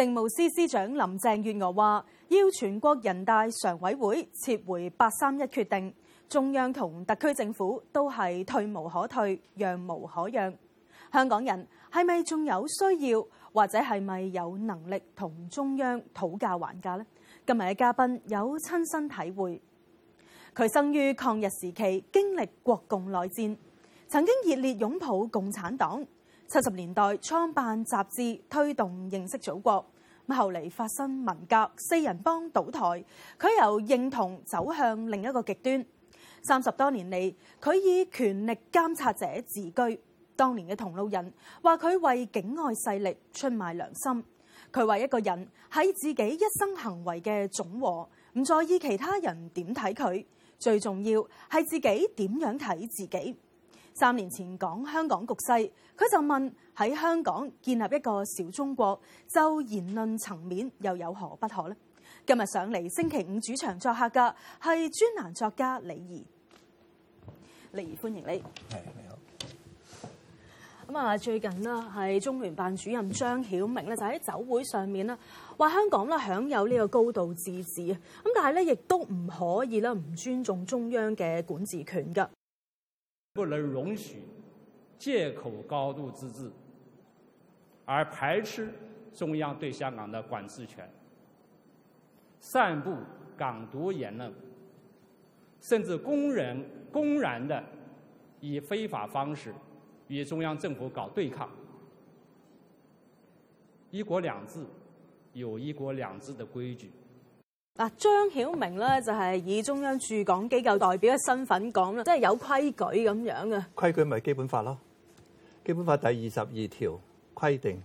政務司司長林鄭月娥話，要全國人大常委會撤回八三一決定，中央同特區政府都係退無可退，讓無可讓。香港人係咪仲有需要，或者係咪有能力同中央討價還價呢？今日嘅嘉賓有親身體會，佢生於抗日時期，經歷國共內戰，曾經熱烈擁抱共產黨。七十年代創辦雜誌，推動認識祖國。後嚟，發生文革四人幫倒台，佢由認同走向另一個極端。三十多年嚟，佢以權力監察者自居。當年嘅同路人話佢為境外勢力出賣良心。佢話一個人喺自己一生行為嘅總和，唔在意其他人點睇佢。最重要係自己點樣睇自己。三年前講香港局勢，佢就問喺香港建立一個小中國，就言論層面又有何不可呢？今日上嚟星期五主場作客嘅係專欄作家李怡，李怡，歡迎你，係你好。咁啊，最近呢，係中聯辦主任張曉明呢，就喺酒會上面呢，話香港呢，享有呢個高度自治啊，咁但係咧亦都唔可以咧唔尊重中央嘅管治權噶。不能容許借口高度自治而排斥中央對香港的管制權，散布港獨言論，甚至公然公然的以非法方式與中央政府搞對抗。一國兩制有一國兩制的規矩。嗱，張曉明咧就係以中央駐港機構代表嘅身份講啦，即係有規矩咁樣嘅。規矩咪基本法咯，基本法第二十二條規定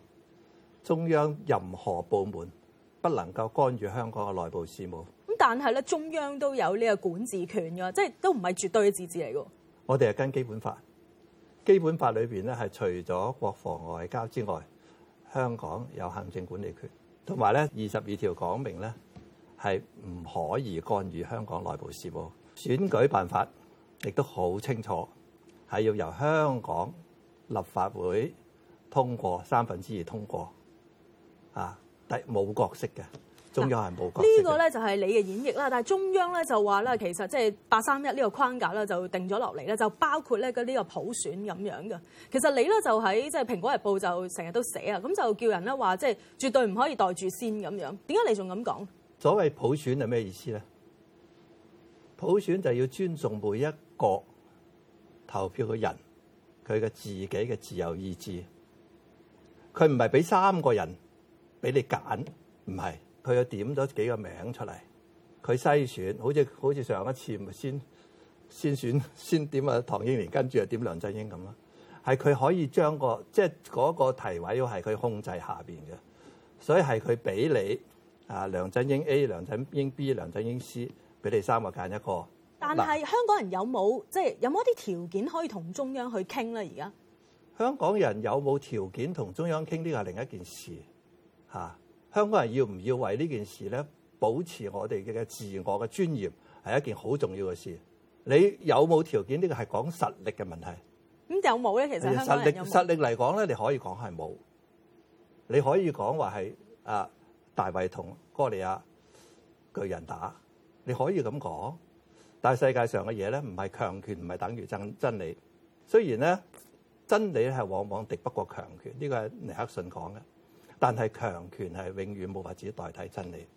中央任何部門不能夠干預香港嘅內部事務。咁但係咧，中央都有呢個管治權噶，即係都唔係絕對嘅自治嚟嘅。我哋係跟基本法，基本法裏邊咧係除咗國防外交之外，香港有行政管理權，同埋咧二十二條講明咧。係唔可以干預香港內部事務。選舉辦法亦都好清楚，係要由香港立法會通過三分之二通過啊，第冇角色嘅中央係冇角色嘅。啊這個、呢個咧就係、是、你嘅演繹啦。但係中央咧就話咧，其實即係八三一呢個框架咧就定咗落嚟咧，就包括咧呢、這個普選咁樣嘅。其實你咧就喺即係《蘋、就是、果日報就》就成日都寫啊，咁就叫人咧話即係絕對唔可以袋住先咁樣。點解你仲咁講？所謂普選係咩意思咧？普選就係要尊重每一個投票嘅人，佢嘅自己嘅自由意志。佢唔係俾三個人俾你揀，唔係佢又點咗幾個名出嚟，佢篩選，好似好似上一次咪先先選先點啊唐英年跟住又點梁振英咁咯，係佢可以將個即係嗰個提委係佢控制下邊嘅，所以係佢俾你。啊，梁振英 A，梁振英 B，梁振英 C，俾你三個揀一個。但係是來香港人有冇即係有冇、就是、一啲條件可以同中央去傾咧？而家香港人有冇條件同中央傾呢個係另一件事嚇、啊。香港人要唔要為呢件事咧，保持我哋嘅自我嘅尊嚴係一件好重要嘅事。你有冇條件呢個係講實力嘅問題。咁、嗯、有冇咧？其實香港人有冇實力嚟講咧，你可以講係冇。你可以講話係啊。大衛同哥利亞巨人打，你可以咁講，但係世界上嘅嘢咧，唔係強權唔係等於真真理。雖然咧真理咧係往往敵不過強權，呢個係尼克遜講嘅，但係強權係永遠冇法子代替真理。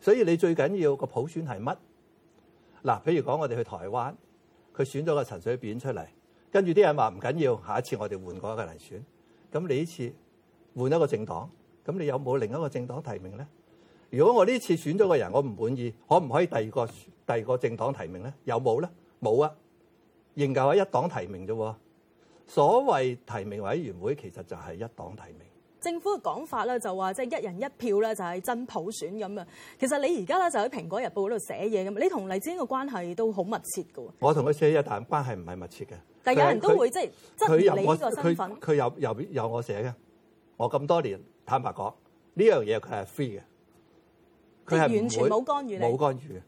所以你最緊要個普選係乜？嗱，譬如講我哋去台灣，佢選咗個陳水扁出嚟，跟住啲人話唔緊要，下一次我哋換個一個人選，咁你呢次換一個政黨。咁你有冇另一個政黨提名咧？如果我呢次選咗個人，我唔滿意，可唔可以第二個第二個政黨提名咧？有冇咧？冇啊，仍舊係一黨提名啫。所謂提名委員會其實就係一黨提名。政府嘅講法咧，就話即係一人一票咧，就係真普選咁啊。其實你而家咧就喺《蘋果日報》嗰度寫嘢咁，你同黎智英嘅關係都好密切嘅。我同佢寫嘢，但係關係唔係密切嘅。但係有人都會即係質疑你呢個身份。佢有有有我寫嘅。我咁多年坦白講，呢樣嘢佢係 free 嘅，佢係完全冇干預，冇干預。呢、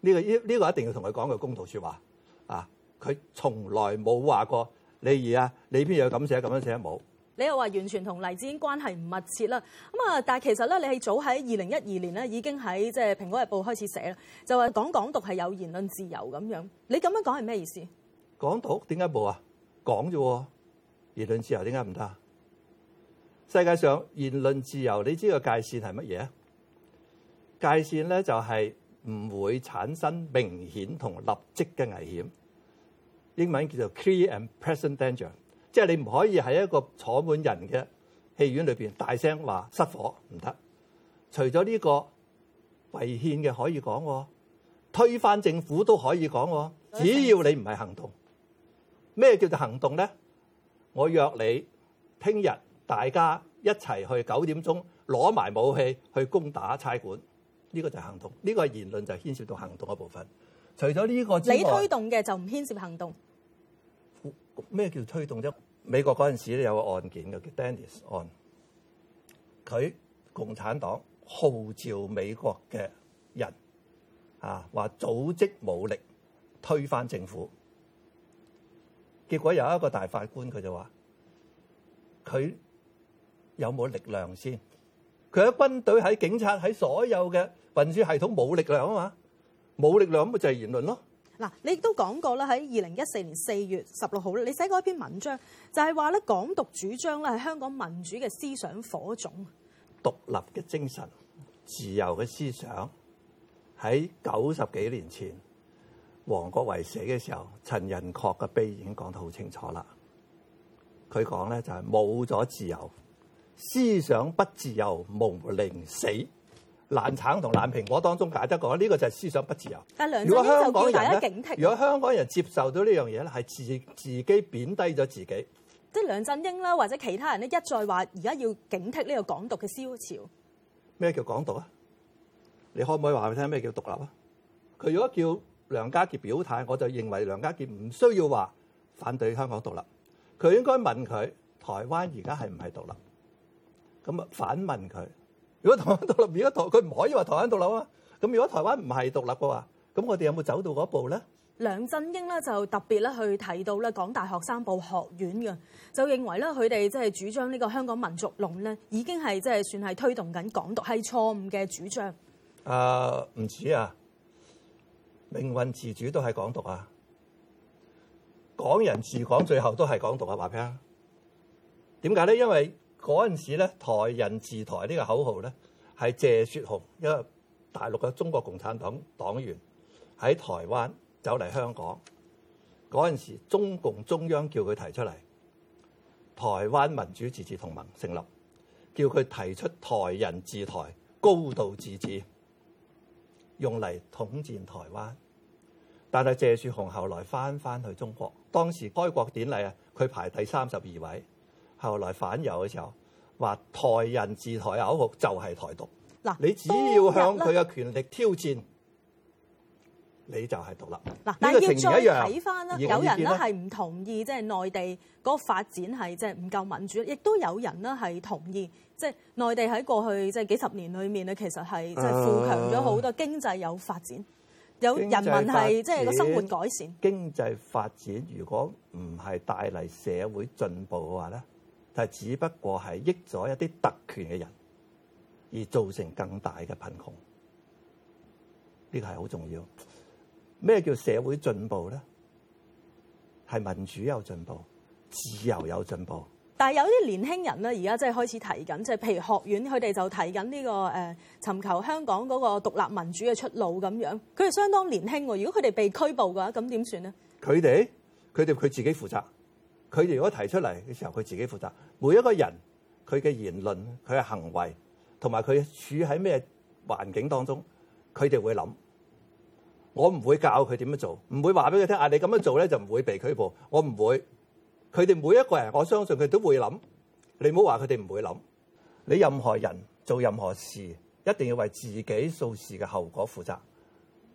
呢個呢呢、呢個、一定要同佢講個公道說話啊！佢從來冇話過，李怡啊，你邊有咁寫咁樣寫冇？寫你又話完全同黎智英關係唔密切啦。咁啊，但其實咧，你係早喺二零一二年咧，已經喺即係《蘋果日報》開始寫啦，就係講港獨係有言論自由咁樣。你咁樣講係咩意思？港獨點解冇啊？講喎？言論自由點解唔得？世界上言論自由，你知道個界線係乜嘢？界線咧就係唔會產生明顯同立即嘅危險，英文叫做 clear and present danger，即係你唔可以喺一個坐滿人嘅戲院裏面大聲話失火唔得。除咗呢個違憲嘅可以講，推翻政府都可以講，只要你唔係行動。咩叫做行動咧？我約你聽日。大家一齊去九點鐘攞埋武器去攻打差館，呢個就係行動，呢個言論就係牽涉到行動一部分。除咗呢個你推動嘅就唔牽涉行動。咩叫推動？咗美國嗰陣時有個案件嘅，叫 Dennis 案。佢共產黨號召美國嘅人啊，話組織武力推翻政府。結果有一個大法官佢就話佢。有冇力量先？佢喺軍隊、喺警察、喺所有嘅民主系統冇力量啊嘛，冇力量咪就係言論咯。嗱，你亦都講過啦，喺二零一四年四月十六號你寫過一篇文章，就係話咧，港獨主張咧係香港民主嘅思想火種，獨立嘅精神、自由嘅思想喺九十幾年前，王國維死嘅時候，陳寅恪嘅碑已經講得好清楚啦。佢講咧就係冇咗自由。思想不自由，毋寧死，爛橙同爛蘋果當中解得講呢個就係思想不自由。如果香港人接受到呢樣嘢咧，係自自己貶低咗自己。即係梁振英啦，或者其他人咧，一再話而家要警惕呢個港獨嘅蕭潮。咩叫港獨啊？你可唔可以話俾我聽咩叫獨立啊？佢如果叫梁家傑表態，我就認為梁家傑唔需要話反對香港獨立。佢應該問佢台灣而家係唔係獨立？咁啊，反問佢。如果台灣獨立，如果台佢唔可以話台灣獨立啊。咁如果台灣唔係獨立嘅話，咁我哋有冇走到嗰步咧？梁振英咧就特別咧去提到咧港大學生報學院嘅，就認為咧佢哋即係主張呢個香港民族論咧，已經係即係算係推動緊港獨，係錯誤嘅主張。啊、呃，唔止啊，命運自主都係港獨啊，港人治港最後都係港獨啊，話俾啊，點解咧？因為嗰陣時咧，台人治台呢個口號咧，係謝雪紅一個大陸嘅中國共產黨黨員喺台灣走嚟香港嗰陣時，中共中央叫佢提出嚟，台灣民主自治同盟成立，叫佢提出台人治台、高度自治，用嚟統戰台灣。但係謝雪紅後來翻翻去中國，當時開國典禮啊，佢排第三十二位。後來反右嘅時候，話台人自台口號就係、是、台獨。嗱、啊，你只要向佢嘅權力挑戰，啊、你就係獨立。嗱、啊，但係要再睇翻啦，有人咧係唔同意即係、就是、內地嗰個發展係即係唔夠民主，亦都有人咧係同意即係、就是、內地喺過去即係幾十年裏面咧，其實係即係富強咗好多，經濟有發展，啊、有人民係即係個生活改善。經濟發展如果唔係帶嚟社會進步嘅話咧？但係只不過係益咗一啲特權嘅人，而造成更大嘅貧窮。呢個係好重要。咩叫社會進步咧？係民主有進步，自由有進步。但係有啲年輕人咧，而家即係開始提緊，即係譬如學院，佢哋就提緊呢個誒，尋求香港嗰個獨立民主嘅出路咁樣。佢哋相當年輕喎，如果佢哋被拘捕嘅話，咁點算咧？佢哋，佢哋佢自己負責。佢哋如果提出嚟嘅時候，佢自己負責。每一個人佢嘅言論，佢嘅行為，同埋佢處喺咩環境當中，佢哋會諗：我唔會教佢點樣做，唔會話俾佢聽。啊！你咁樣做咧就唔會被拘捕。我唔會，佢哋每一個人，我相信佢都會諗。你唔好話佢哋唔會諗，你任何人做任何事，一定要為自己做事嘅後果負責。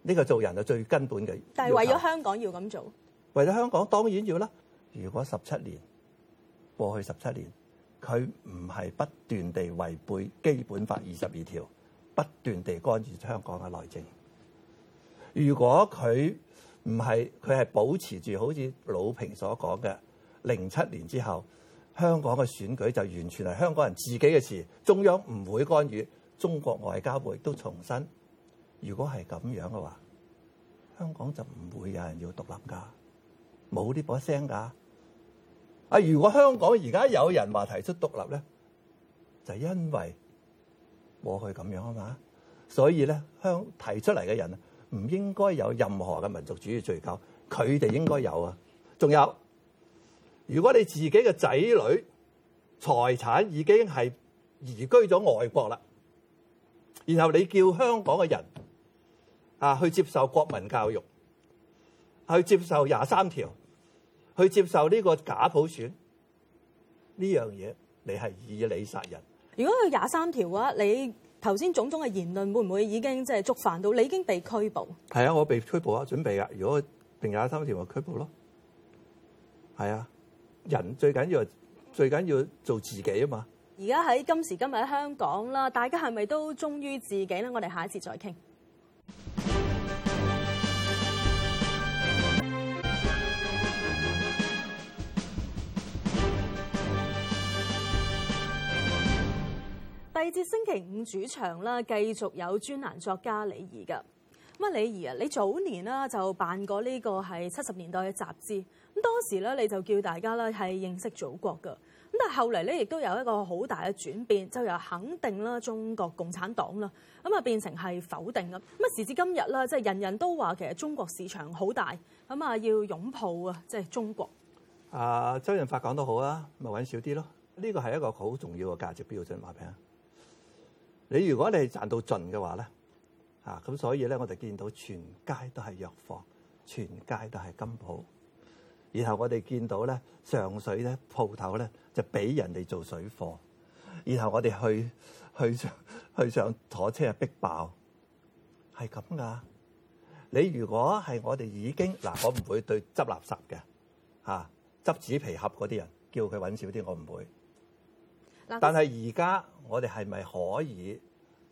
呢個做人啊最根本嘅。但係為咗香港要咁做？為咗香港當然要啦。如果十七年過去十七年，佢唔係不斷地違背基本法二十二條，不斷地干預香港嘅內政。如果佢唔係，佢係保持住好似老平所講嘅，零七年之後，香港嘅選舉就完全係香港人自己嘅事，中央唔會干預，中國外交部亦都重申，如果係咁樣嘅話，香港就唔會有人要獨立㗎，冇呢把聲㗎。啊！如果香港而家有人話提出獨立咧，就因為我去咁樣啊嘛，所以咧香提出嚟嘅人啊唔應該有任何嘅民族主義罪疚，佢哋應該有啊。仲有，如果你自己嘅仔女財產已經係移居咗外國啦，然後你叫香港嘅人啊去接受國民教育，去接受廿三條。去接受呢個假普選呢樣嘢，你係以理殺人。如果佢廿三條嘅話，你頭先種種嘅言論會唔會已經即係觸犯到你已經被拘捕？係啊，我被拘捕啊，準備啊。如果定廿三條，話拘捕咯。係啊，人最緊要最緊要做自己啊嘛。而家喺今時今日喺香港啦，大家係咪都忠於自己咧？我哋下一次再傾。至星期五主場啦，繼續有專欄作家李怡噶，咁李怡啊，你早年啦就辦過呢個係七十年代嘅雜誌咁，當時咧你就叫大家咧係認識祖國噶，咁，但係後嚟咧亦都有一個好大嘅轉變，就由肯定啦中國共產黨啦，咁啊變成係否定咁。咁啊，時至今日啦，即係人人都話其實中國市場好大咁啊，要擁抱啊，即係中國啊。周潤發講得好啊，咪揾少啲咯。呢個係一個好重要嘅價值標準，話俾你。你如果你係賺到盡嘅話咧，啊咁所以咧，我哋見到全街都係藥房，全街都係金鋪，然後我哋見到咧上水咧鋪頭咧就俾人哋做水貨，然後我哋去去去上，去上坐車逼爆，係咁噶。你如果係我哋已經嗱，啊，我唔會對執垃圾嘅，嚇執紙皮盒嗰啲人叫佢揾少啲，我唔會。但係而家我哋係咪可以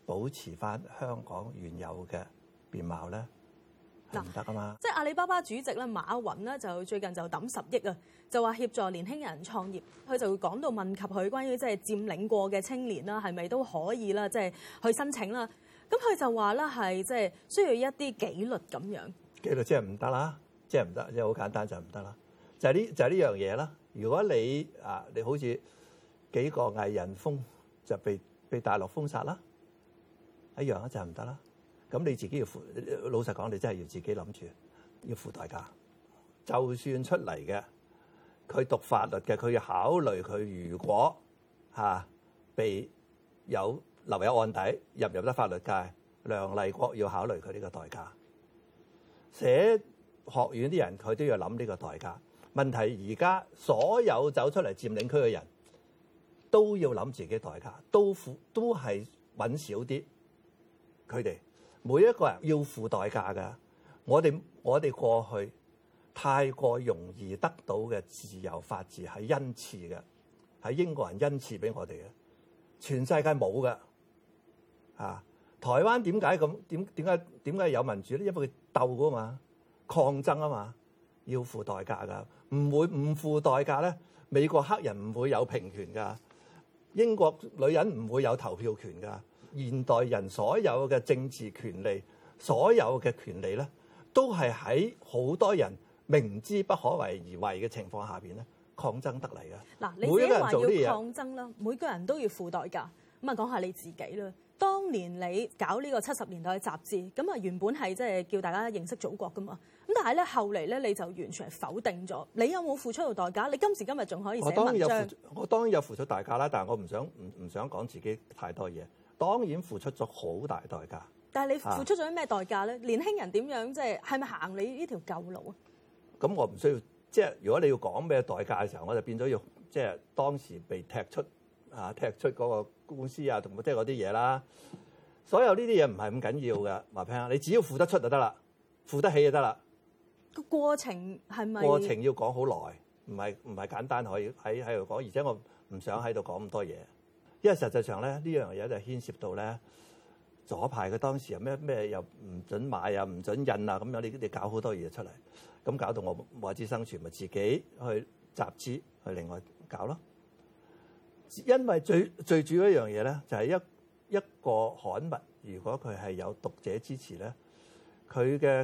保持翻香港原有嘅面貌咧？唔得啊嘛！即係阿里巴巴主席咧，馬雲咧就最近就抌十億啊，就話協助年輕人創業。佢就會講到問及佢關於即係佔領過嘅青年啦，係咪都可以啦？即係去申請啦。咁佢就話啦，係即係需要一啲紀律咁樣。紀律即係唔得啦，即係唔得，即係好簡單就唔得啦。就係呢就係呢樣嘢啦。如果你啊你好似幾個藝人封就被被大陸封殺啦，一樣就唔得啦。咁你自己要付，老實講，你真係要自己諗住要付代價。就算出嚟嘅，佢讀法律嘅，佢要考慮佢如果吓、啊，被有留有案底入唔入得法律界？梁麗國要考慮佢呢個代價，寫學院啲人佢都要諗呢個代價。問題而家所有走出嚟佔領區嘅人。都要諗自己代價，都付都係揾少啲。佢哋每一個人要付代價㗎。我哋我哋過去太過容易得到嘅自由法治係恩賜嘅，係英國人恩賜俾我哋嘅。全世界冇㗎啊！台灣點解咁點點解點解有民主咧？因為佢鬥啊嘛，抗爭啊嘛，要付代價㗎。唔會唔付代價咧，美國黑人唔會有平權㗎。英國女人唔會有投票權㗎。現代人所有嘅政治權利，所有嘅權利咧，都係喺好多人明知不可為而為嘅情況下邊咧抗爭得嚟㗎。嗱，每一個人做啲嘢抗爭啦，每個人都要付代價。咁啊，講下你自己啦。當年你搞呢個七十年代嘅雜誌，咁啊原本係即係叫大家認識祖國噶嘛，咁但係咧後嚟咧你就完全係否定咗。你有冇付出到代價？你今時今日仲可以寫文章？我當然有付出，我當然有付出代價啦，但係我唔想唔唔想講自己太多嘢。當然付出咗好大代價。但係你付出咗咩代價咧？啊、年輕人點樣即係係咪行你呢條舊路啊？咁我唔需要，即係如果你要講咩代價嘅時候，我就變咗要即係當時被踢出。啊！踢出嗰個官司啊，同即係嗰啲嘢啦，所有呢啲嘢唔係咁緊要嘅，話聽。你只要付得出就得啦，付得起就得啦。個過程係咪？過程要講好耐，唔係唔係簡單可以喺喺度講。而且我唔想喺度講咁多嘢，因為實際上咧呢樣嘢就牽涉到咧左派嘅當時有咩咩又唔准買啊，唔准印啊咁樣，你你搞好多嘢出嚟，咁搞到我冇法子生存，咪自己去集資去另外搞咯。因為最最主要一樣嘢咧，就係一一個刊物，如果佢係有讀者支持咧，佢嘅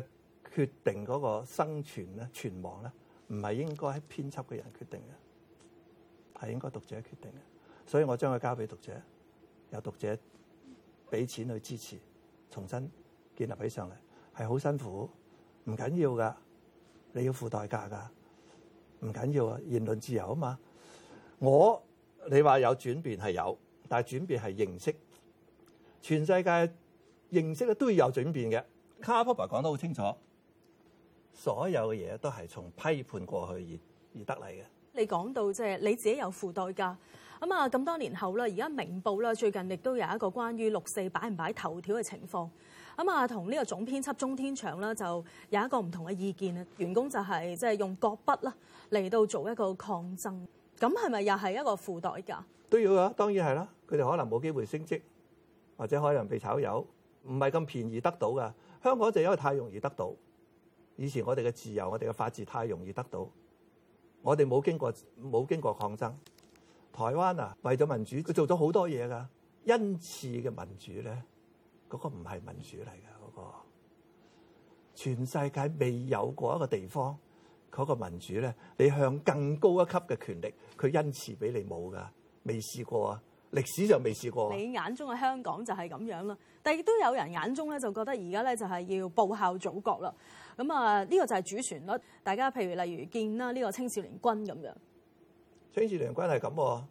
決定嗰個生存咧、存亡咧，唔係應該喺編輯嘅人決定嘅，係應該讀者決定嘅。所以我將佢交俾讀者，有讀者俾錢去支持，重新建立起上嚟，係好辛苦，唔緊要噶，你要付代價噶，唔緊要啊，言論自由啊嘛，我。你話有轉變係有，但係轉變係認識。全世界認識咧都會有轉變嘅。Karl Popper 講得好清楚，所有嘢都係從批判過去而而得嚟嘅。你講到即係你自己有付代價。咁啊，咁多年後啦，而家明報啦，最近亦都有一個關於六四擺唔擺頭條嘅情況。咁啊，同呢個總編輯鍾天祥啦，就有一個唔同嘅意見啊。員工就係即係用國筆啦嚟到做一個抗爭，咁係咪又係一個負袋㗎？都要啊，當然係啦。佢哋可能冇機會升職，或者可能被炒魷，唔係咁便宜得到㗎。香港就因為太容易得到，以前我哋嘅自由、我哋嘅法治太容易得到，我哋冇經過冇經過抗爭。台灣啊，為咗民主，佢做咗好多嘢㗎。恩賜嘅民主咧，嗰個唔係民主嚟㗎，嗰個全世界未有過一個地方。嗰個民主咧，你向更高一級嘅權力，佢恩賜俾你冇噶，未試過啊！歷史就未試過。你眼中嘅香港就係咁樣啦，但係亦都有人眼中咧，就覺得而家咧就係要報效祖國啦。咁啊，呢個就係主旋律。大家譬如例如見啦，呢個青少年軍咁樣。青少年軍係咁喎，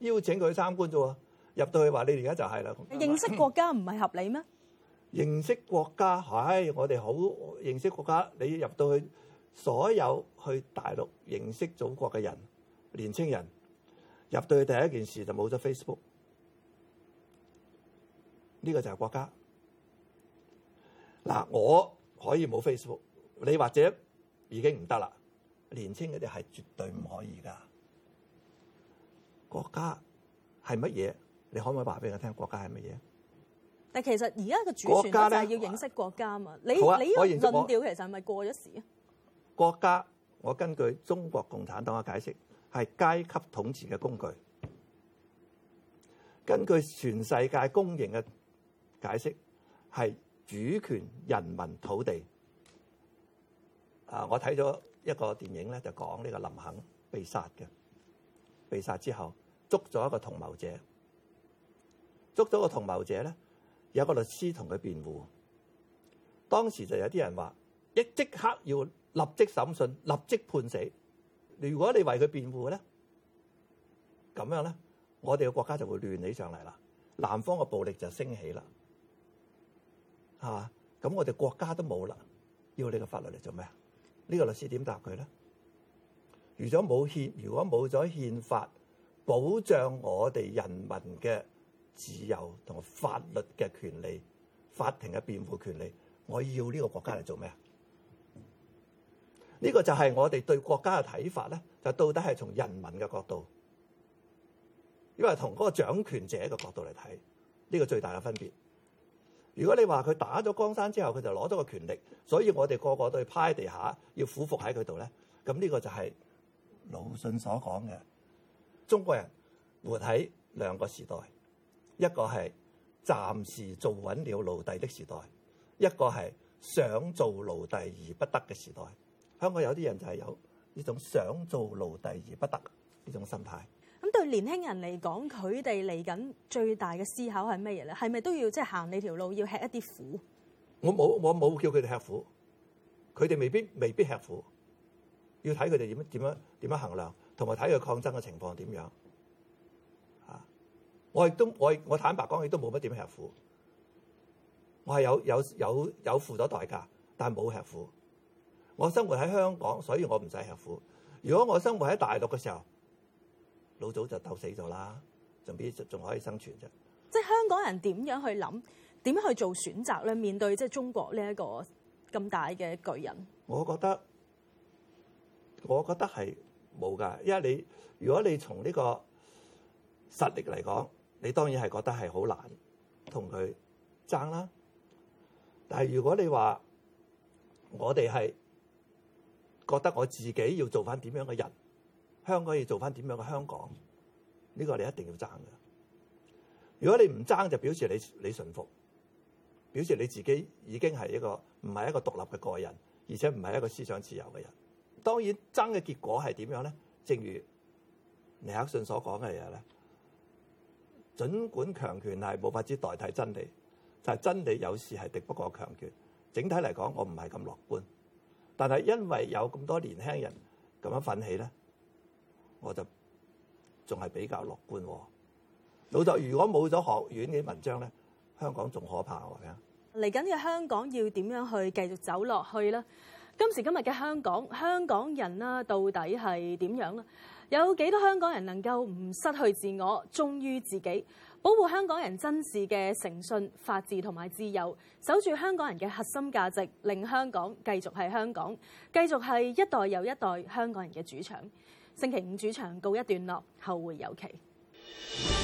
邀請佢去參觀啫喎，入到去話你而家就係啦。認識國家唔係合理咩？認識國家係我哋好認識國家，你入到去，所有去大陸認識祖國嘅人，年青人入到去第一件事就冇咗 Facebook，呢個就係國家。嗱，我可以冇 Facebook，你或者已經唔得啦。年青嗰啲係絕對唔可以噶。國家係乜嘢？你可唔可以話俾我聽？國家係乜嘢？但其實而家嘅主旋律就係要認識國家嘛。說你、啊、你呢個論調其實係咪過咗時啊？國家，我根據中國共產黨嘅解釋係階級統治嘅工具。根據全世界公認嘅解釋係主權、人民、土地。啊，我睇咗一個電影咧，就講呢個林肯被殺嘅，被殺之後捉咗一個同謀者，捉咗個同謀者咧，有個律師同佢辯護。當時就有啲人話：你即刻要。立即審訊，立即判死。如果你為佢辯護咧，咁樣咧，我哋嘅國家就會亂起上嚟啦。南方嘅暴力就升起啦，嚇、啊！咁我哋國家都冇啦。要呢個法律嚟做咩啊？呢、呢個律師點答佢咧？如果冇憲，如果冇咗憲法保障我哋人民嘅自由同法律嘅權利、法庭嘅辯護權利，我要呢個國家嚟做咩啊？呢個就係我哋對國家嘅睇法咧，就到底係從人民嘅角度，因為同嗰個掌權者嘅角度嚟睇，呢個最大嘅分別。如果你話佢打咗江山之後，佢就攞咗個權力，所以我哋個個都要趴喺地下，要俯伏喺佢度咧。咁呢個就係魯迅所講嘅中國人活喺兩個時代，一個係暫時做穩了奴隸的時代，一個係想做奴隸而不得嘅時代。香港有啲人就係有呢種想做奴隸而不得呢種心態。咁對年輕人嚟講，佢哋嚟緊最大嘅思考係咩嘢咧？係咪都要即係行呢條路要吃一啲苦？我冇，我冇叫佢哋吃苦，佢哋未必未必吃苦，要睇佢哋點樣點樣點樣衡量，同埋睇佢抗爭嘅情況點樣。啊！我亦都我我坦白講，我亦都冇乜點吃苦，我係有有有有付咗代價，但係冇吃苦。我生活喺香港，所以我唔使吃苦。如果我生活喺大陸嘅時候，老早就鬥死咗啦，仲比仲可以生存啫。即係香港人點樣去諗，點樣去做選擇咧？面對即中國呢一個咁大嘅巨人我，我覺得我覺得係冇噶，因為你如果你從呢個實力嚟講，你當然係覺得係好難同佢爭啦。但係如果你話，我哋係。覺得我自己要做翻點樣嘅人，香港要做翻點樣嘅香港，呢個你一定要爭嘅。如果你唔爭，就表示你你順服，表示你自己已經係一個唔係一個獨立嘅個人，而且唔係一個思想自由嘅人。當然爭嘅結果係點樣咧？正如尼克遜所講嘅嘢咧，儘管強權係無法之代替真理，就係真理有時係敵不過強權。整體嚟講，我唔係咁樂觀。但係因為有咁多年輕人咁樣奮起咧，我就仲係比較樂觀。哦。老實，如果冇咗學院嘅文章咧，香港仲可怕喎，啊！嚟緊嘅香港要點樣去繼續走落去咧？今時今日嘅香港，香港人啦，到底係點樣咧？有幾多香港人能夠唔失去自我，忠於自己？保護香港人真摯嘅誠信、法治同埋自由，守住香港人嘅核心價值，令香港繼續係香港，繼續係一代又一代香港人嘅主場。星期五主場告一段落，後會有期。